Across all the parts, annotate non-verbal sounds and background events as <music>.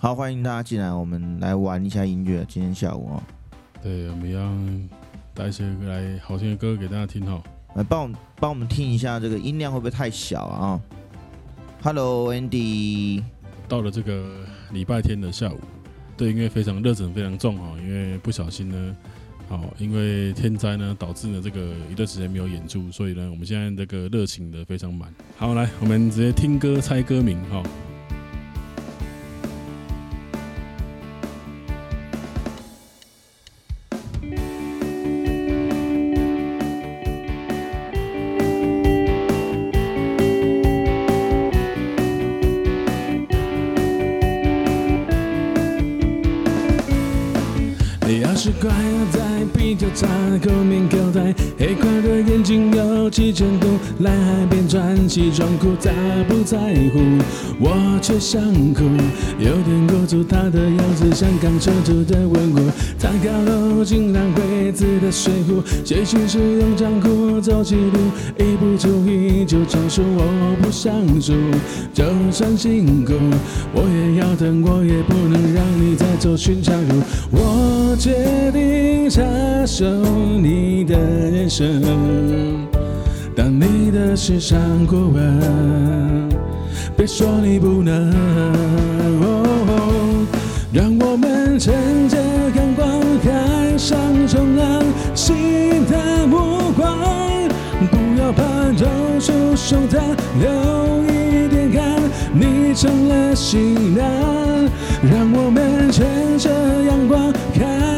好，歡迎大家進來，我們來玩一下音樂。今天下午啊、哦，對，我們要帶一些來好聽的歌給大家聽哈、哦。來，幫我們幫我們聽一下，這個音量會不會太小啊？Hello，Andy、哦。Hello, Andy 到了這個禮拜天的下午，對音樂非常熱情，非常重哈、哦。因為不小心呢，好、哦，因為天災呢導致了這個一段時間沒有演出，所以呢，我們現在這個熱情的非常滿。好，來，我們直接聽歌猜歌名哈、哦。是快要戴啤酒的後面口袋，黑框的眼鏡有幾千度。來海邊穿西裝褲，他不在乎，我卻想哭。有點孤獨，他的樣子像剛車挫的文物，他高樓竟然會自帶水壺，寫信時用漿糊，走起路，一不注意就撞樹，我不想輸，就算辛苦，我也要等，我也不能讓你再走尋常路，我卻。決定插手你的人生，當你的時尚顧問，別說你不能。讓我們乘着陽光，海上衝浪，吸引他目光。不要怕露出胸膛，流一點汗，你成了型男。讓我們乘着陽光，看。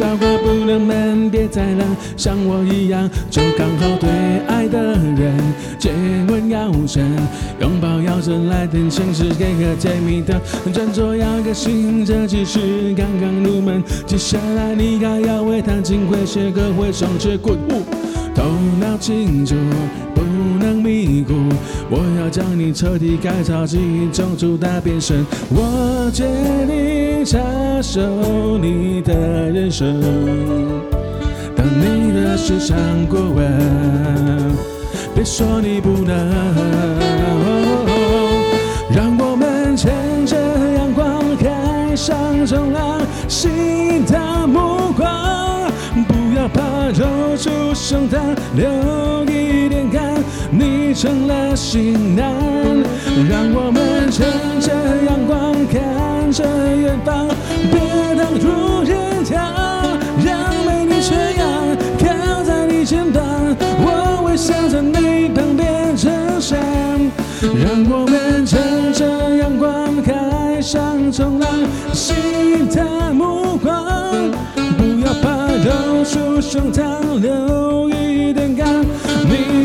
少話不能悶，別再冷，像我一樣，就剛好對愛的人。接吻要深，擁抱要真來，來電顯示，給個甜蜜的暱稱。穿著要個性，這只是剛剛入門，接下來你還要為他回會彈琴，會寫歌，會雙截棍，頭腦清楚。迷穀，我要將你徹底改造，基因重組大變身。我決定插手你的人生，當你的時尚顧問，別說你不能。讓我們乘著陽光，海上衝浪，吸引他目光，不要怕，露出胸膛，留一。成了行囊，讓我們乘着陽光，看着遠方，別當路人甲，讓美女缺氧靠在你肩膀，我微笑着你，光變成笑。讓我們乘着陽光，海上衝浪，吸引她目光，不要怕，露出胸膛流。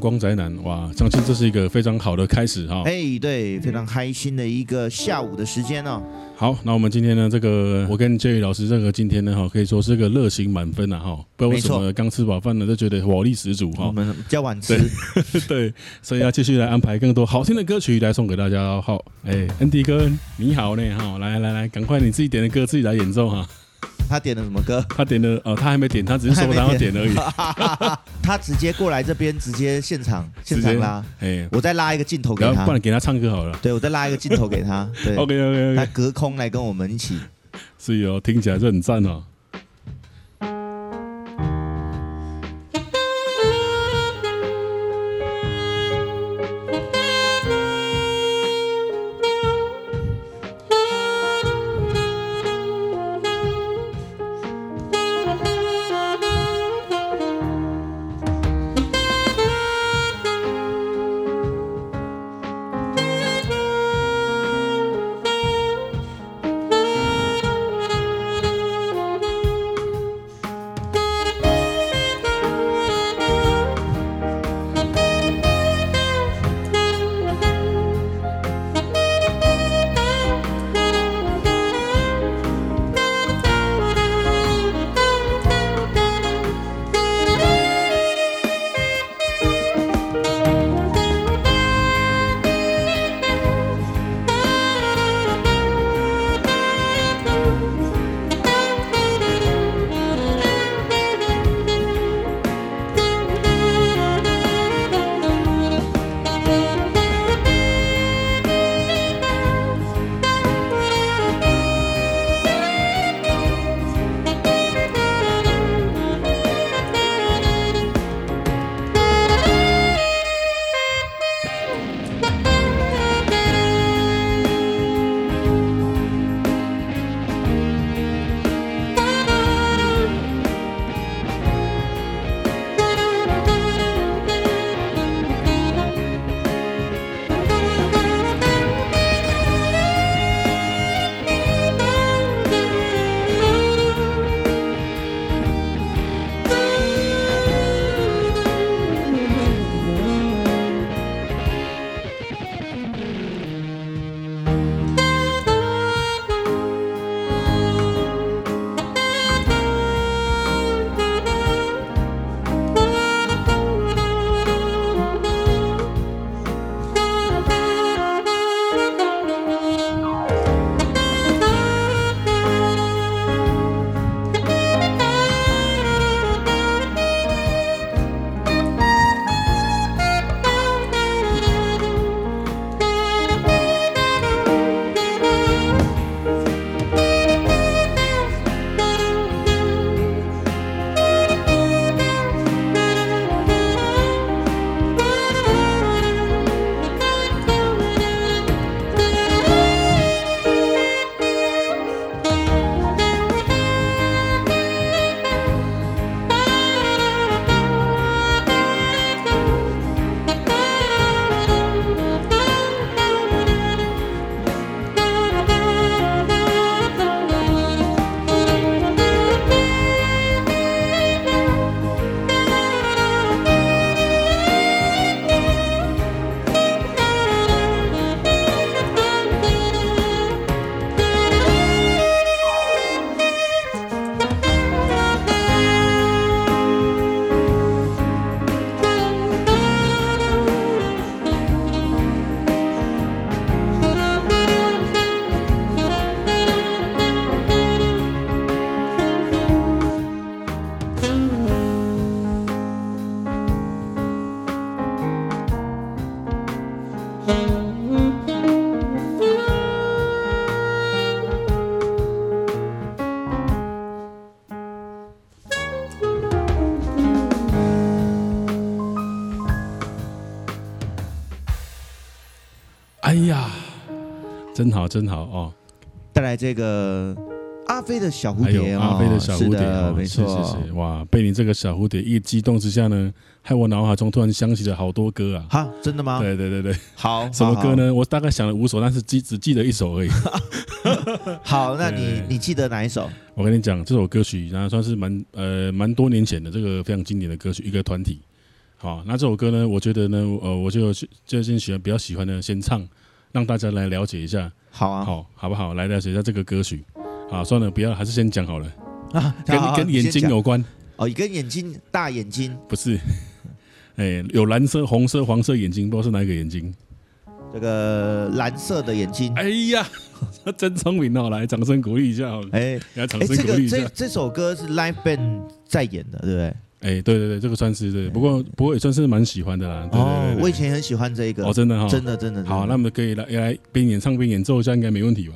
光宅男哇，相信這是一個非常好的開始哈。哎、欸，對，非常開心的一個下午的時間哦。好，那我們今天呢，這個我跟 Jerry 老師這個今天呢，哈，可以說是個熱情滿分吶、啊、哈。不知道為什麼剛錯吃飽飯呢，就覺得活力十足哈。我們叫晚吃，對， <laughs> 對，所以要繼續來安排更多好聽的歌曲來送給大家。好，哎、欸，Andy 哥你好呢哈，來來來，趕快你自己點的歌自己來演奏哈。他點了什麼歌？他點了哦，他還沒點，他只是說他要點而已。他， <laughs> 他直接過來這邊，直接現場現場拉。哎，我再拉一個鏡頭給他，給不然給他唱歌好了。對，我再拉一個鏡頭給他。對 <laughs> ，OK OK, okay. 他隔空來跟我們一起。是哦，聽起來就很讚哦。真好，真好哦！帶來這個阿飛的小蝴蝶，阿飛的小蝴蝶，沒錯，哦，是是，是，是哇！被你這個小蝴蝶一激動之下呢，害我腦海中突然想起了好多歌啊！哈，真的嗎？對對對對，好，什麼歌呢？好好，我大概想了五首，但是記只，只記得一首而已。 <laughs> 好，那你對你記得哪一首？我跟你講，這首歌曲然後算是蠻呃蠻多年前的這個非常經典的歌曲，一個團體。好，那這首歌呢，我覺得呢，呃，我就最近喜歡比較喜歡的，先唱。讓大家來了解一下，好啊，好，好不好？來了解一下這個歌曲。好，算了，不要，還是先講好了啊。跟啊好好跟眼睛你有關哦，跟眼睛大眼睛不是？哎，有藍色、紅色、黃色眼睛，不知道是哪一個眼睛。這個藍色的眼睛。哎呀，真聰明哦！來，掌聲鼓勵一下。哎，一下。哎，來掌聲鼓勵一下。哎，來掌聲鼓勵一下。這這首歌是 Live Band 在演的，嗯、對不對？哎、欸，對對對，這個算是對，不過不過也算是蠻喜歡的啦。對哦，對我以前很喜歡這一個。哦，真的哈、哦，真的真的。好，那我們可以來來邊演唱邊演奏一下，應該沒問題吧？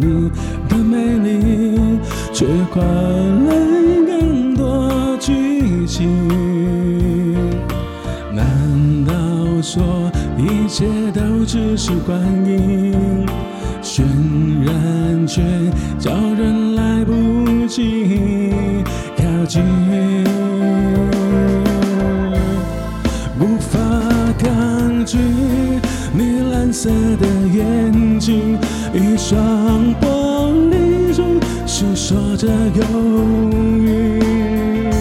你的美麗，卻換來更多劇情。難道說一切都只是幻影，渲染卻叫人來不及靠近，無法抗拒你藍色的眼睛。一雙玻璃珠，訴說着憂鬱，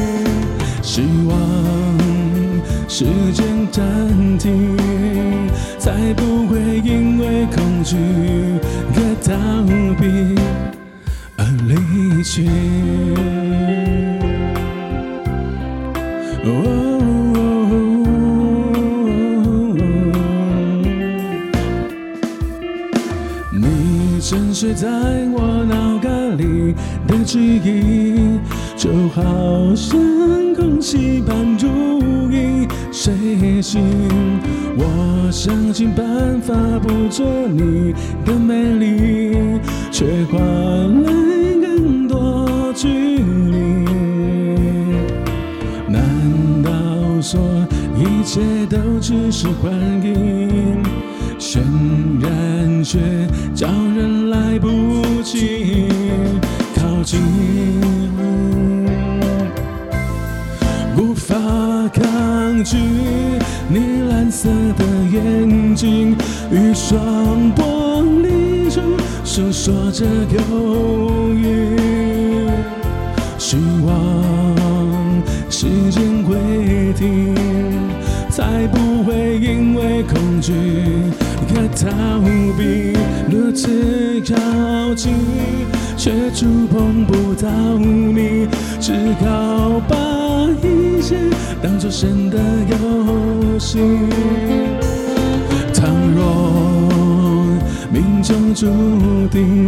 希望時間暫停，才不會因為恐懼而逃避而離去。睡在我腦幹裡的記憶，就好像空氣般無影，誰信，我想盡辦法捕捉你的美麗，卻換來更多距離。難道說一切都只是幻影？顯然，卻照。怕抗拒你藍色的眼睛，一雙玻璃珠訴說着憂鬱。希望時間會停，才不會因為恐懼而逃避。如此靠近，卻觸碰不到你，只好把。當作神的遊戲。倘若命中注定，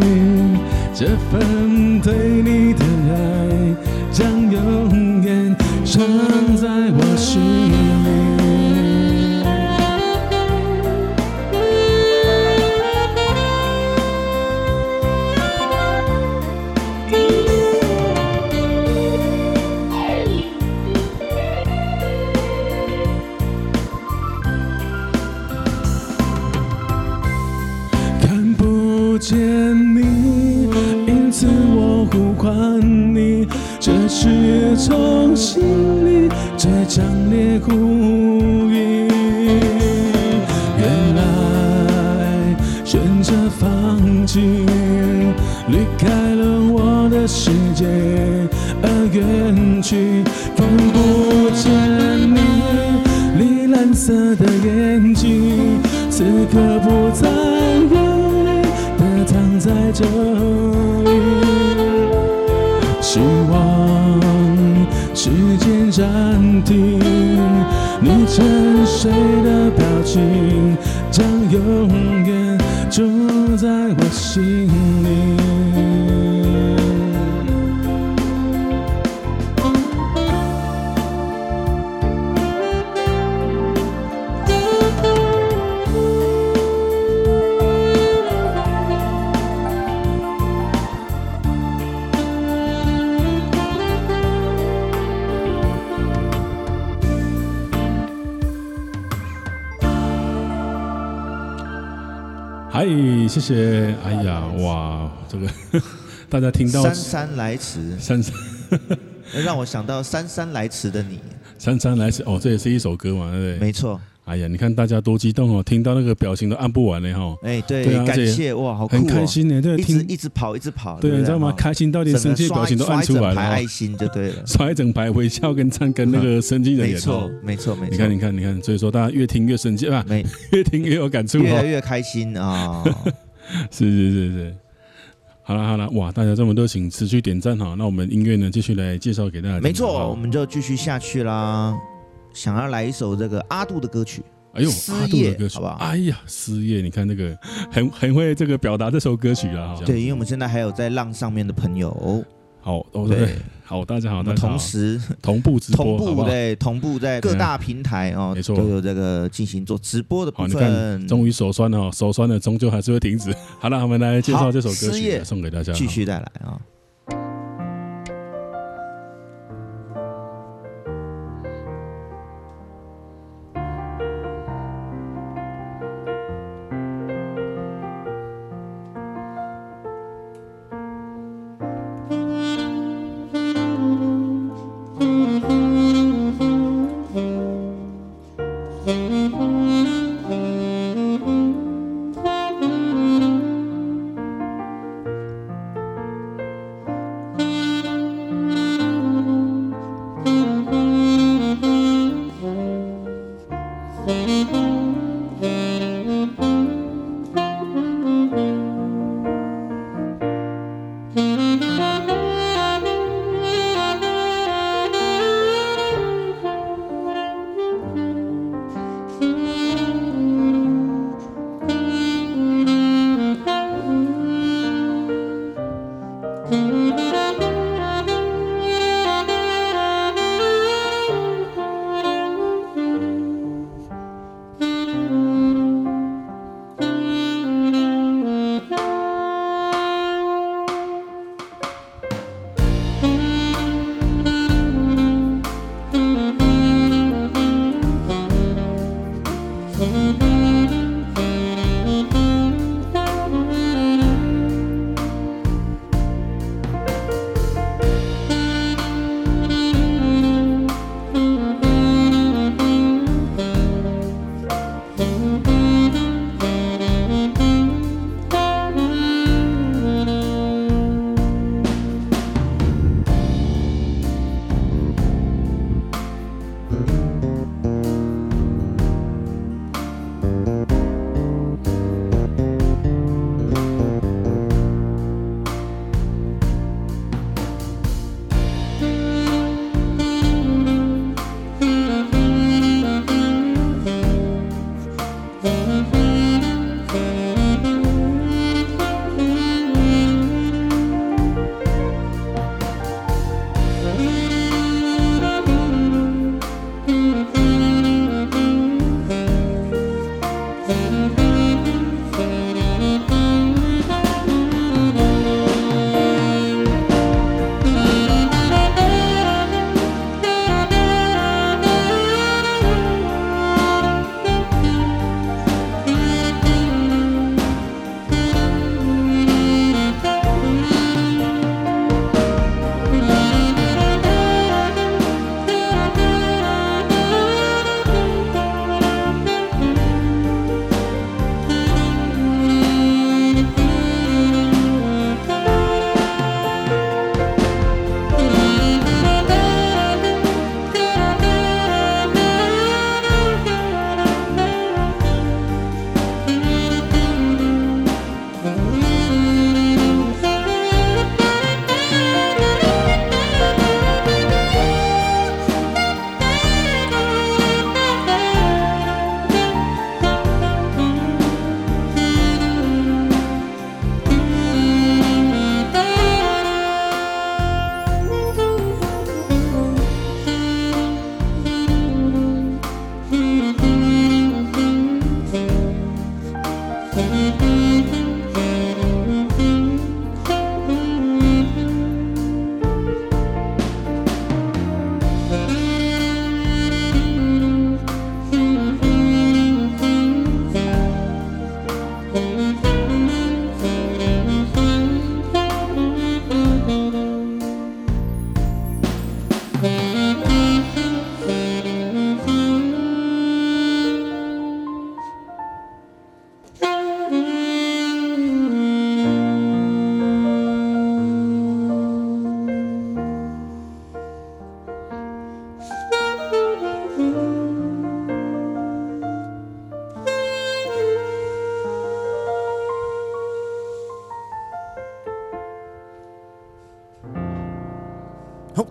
這份對你的愛將永遠存在我。在這裡，希望時間暫停，你沉睡的表情將永遠住在我心。謝謝。哎呀，哇，這個大家聽到“姍姍來遲”，姍姍三讓我想到“姍姍來遲”的你。“姍姍來遲”哦，這也是一首歌嘛，對不對？沒錯。哎呀，你看大家多激動哦！聽到那個表情都按不完嘞哈！哎，對，感謝哇，好，很開心呢，這個一直一直跑，一直跑，對，你知道嗎？開心到連生氣表情都按出來了，開心就對了，刷一整排微笑跟讚跟那個生氣的臉，沒錯，沒錯，沒錯。你看，你看，你看，所以說大家越聽越生氣吧？沒，越聽越有感觸，越來越開心啊！是是是是，好了好了，哇，大家這麼多，請持續點讚哈。那我們音樂呢，繼續來介紹給大家。沒錯，我們就繼續下去啦。想要來一首這個阿杜的歌曲，哎呦，阿杜的歌曲，好不好？哎呀，撕夜，你看那個很很會這個表達這首歌曲啊。對，因為我們現在還有在浪上面的朋友，好，對，好，大家好，那同時同步直播，對，同步在各大平台啊都有這個進行做直播的部分。終於手酸了，手酸了，終究還是會停止。好了，我們來介紹這首歌曲，送給大家，繼續帶來啊。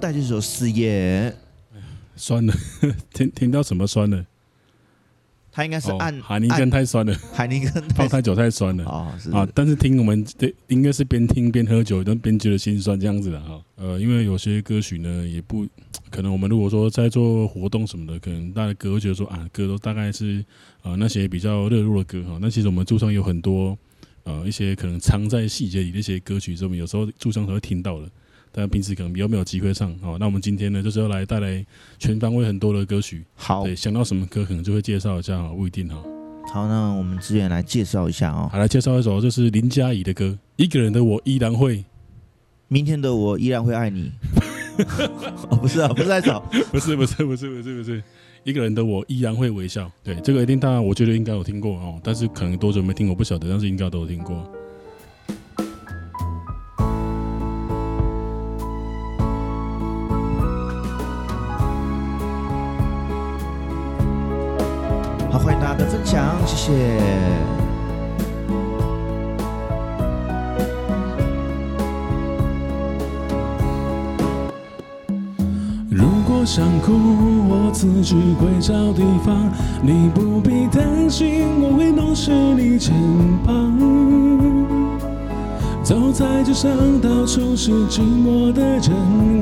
他就說是說，是耶酸了，聽聽到什麼酸了？他應該是按海尼、哦、根太酸了，海尼根放太久太酸了太啊！但是聽我們的應該是邊聽邊喝酒，但邊覺得心酸這樣子的哈。呃，因為有些歌曲呢，也不可能我們如果說在做活動什麼的，可能大家歌覺得說啊，歌都大概是啊、呃、那些比較熱絡的歌哈。那其實我們駐唱有很多呃一些可能藏在細節裡的一些歌曲，我們有時候駐唱都會聽到了。大家平時可能比較沒有機會唱。哦，那我們今天呢，就是要來帶來全方位很多的歌曲。好，對，想到什麼歌，可能就會介紹一下，哦，不一定好，哈。好，那我們直接來介紹一下，哦，好，來介紹一首，就是林佳儀的歌，《一個人的我依然會》，明天的我依然會愛你。 <laughs> <laughs> 哦，不是啊，不是在找。不是，不是，不是，不是，不是，一個人的我依然會微笑。對，這個一定當然，我覺得應該有聽過哦，但是可能多久沒聽，我不曉得，但是應該都有聽過。歡迎大家的分享，謝謝。如果想哭，我自己會找地方，你不必擔心，我會弄濕你肩膀。走在街上，到處是寂寞的人，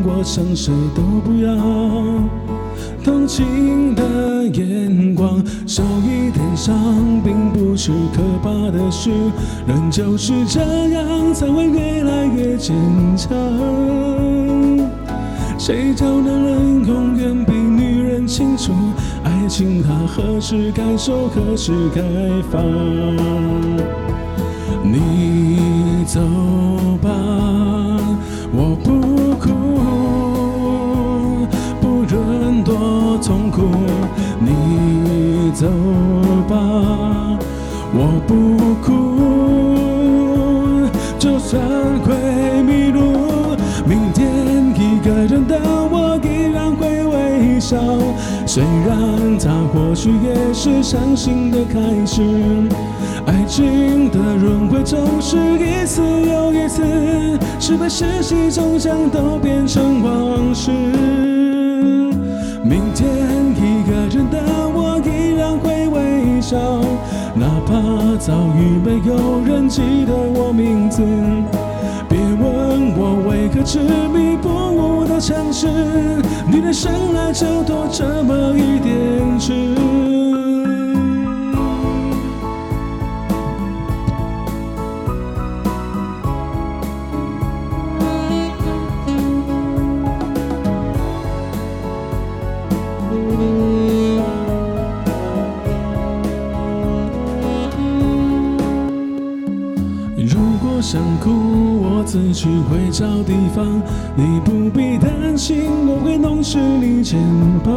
我想誰都不要。同情的眼光，受一點傷並不是可怕的事，人就是這樣才會越來越堅強。誰叫男人永遠比女人清楚，愛情它何時該收，何時該放？你走。你走吧，我不哭，就算會迷路。明天一個人的我依然會微笑，雖然它或許也是傷心的開始。愛情的輪迴總是一次又一次，是悲是喜，終將都變成往事。哪怕早已沒有人記得我名字，別問我為何執迷不悟的城市，你的生來就多這麼一點痴。自己會找地方，你不必擔心我會弄濕你肩膀。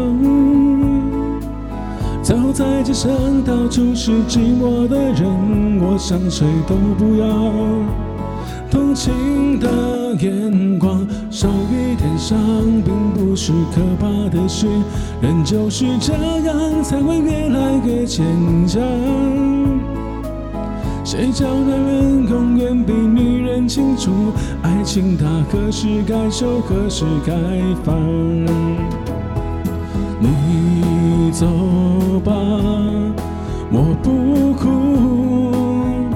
走在街上，到處是寂寞的人，我想誰都不要同情的眼光。受一點傷，並不是可怕的事，人就是這樣，才會越來越堅強。誰叫男人永遠比女人清楚，愛情它何時該休，何時該放？你走吧，我不哭，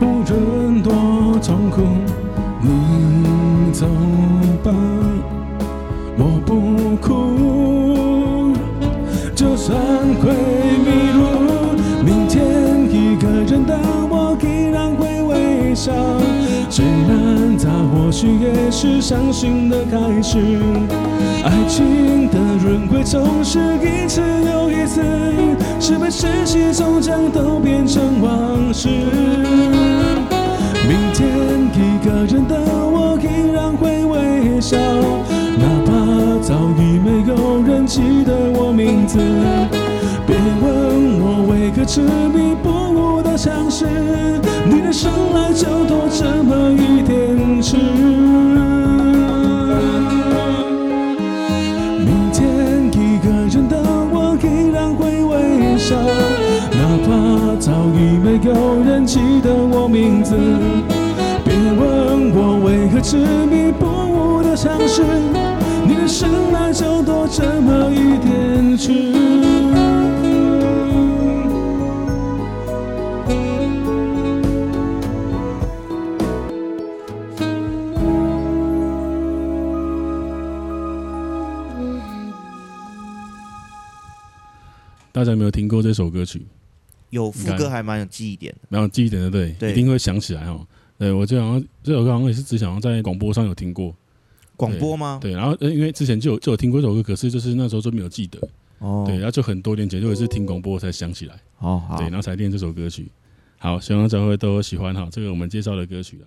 無論多痛苦，你走。雖然它或許也是傷心的開始，愛情的輪回總是一次又一次，是悲是喜，終將都變成往事。明天一個人的我依然會微笑，哪怕早已沒有人記得我名字。執迷不悟的嘗試，你的生來就多這麼一點痴。明天一個人的我依然會微笑，哪怕早已沒有人記得我名字。別問我為何執迷不悟的嘗試，你的生來就多這麼一點痴。大家有沒有聽過這首歌曲？有副服歌看還蠻有記憶點的，蠻有記憶點的，對，對，一定會想起來哦。對，我就好像這首歌好像也是只想要在廣播上有聽過，廣播嗎？對，然後因為之前就有就有聽過這首歌，可是就是那時候就沒有記得哦。對，然後就很多年前就也是聽廣播才想起來，哦，對，然後才練這首歌曲。好，希望大家都喜歡哈，這個我們介紹的歌曲啦。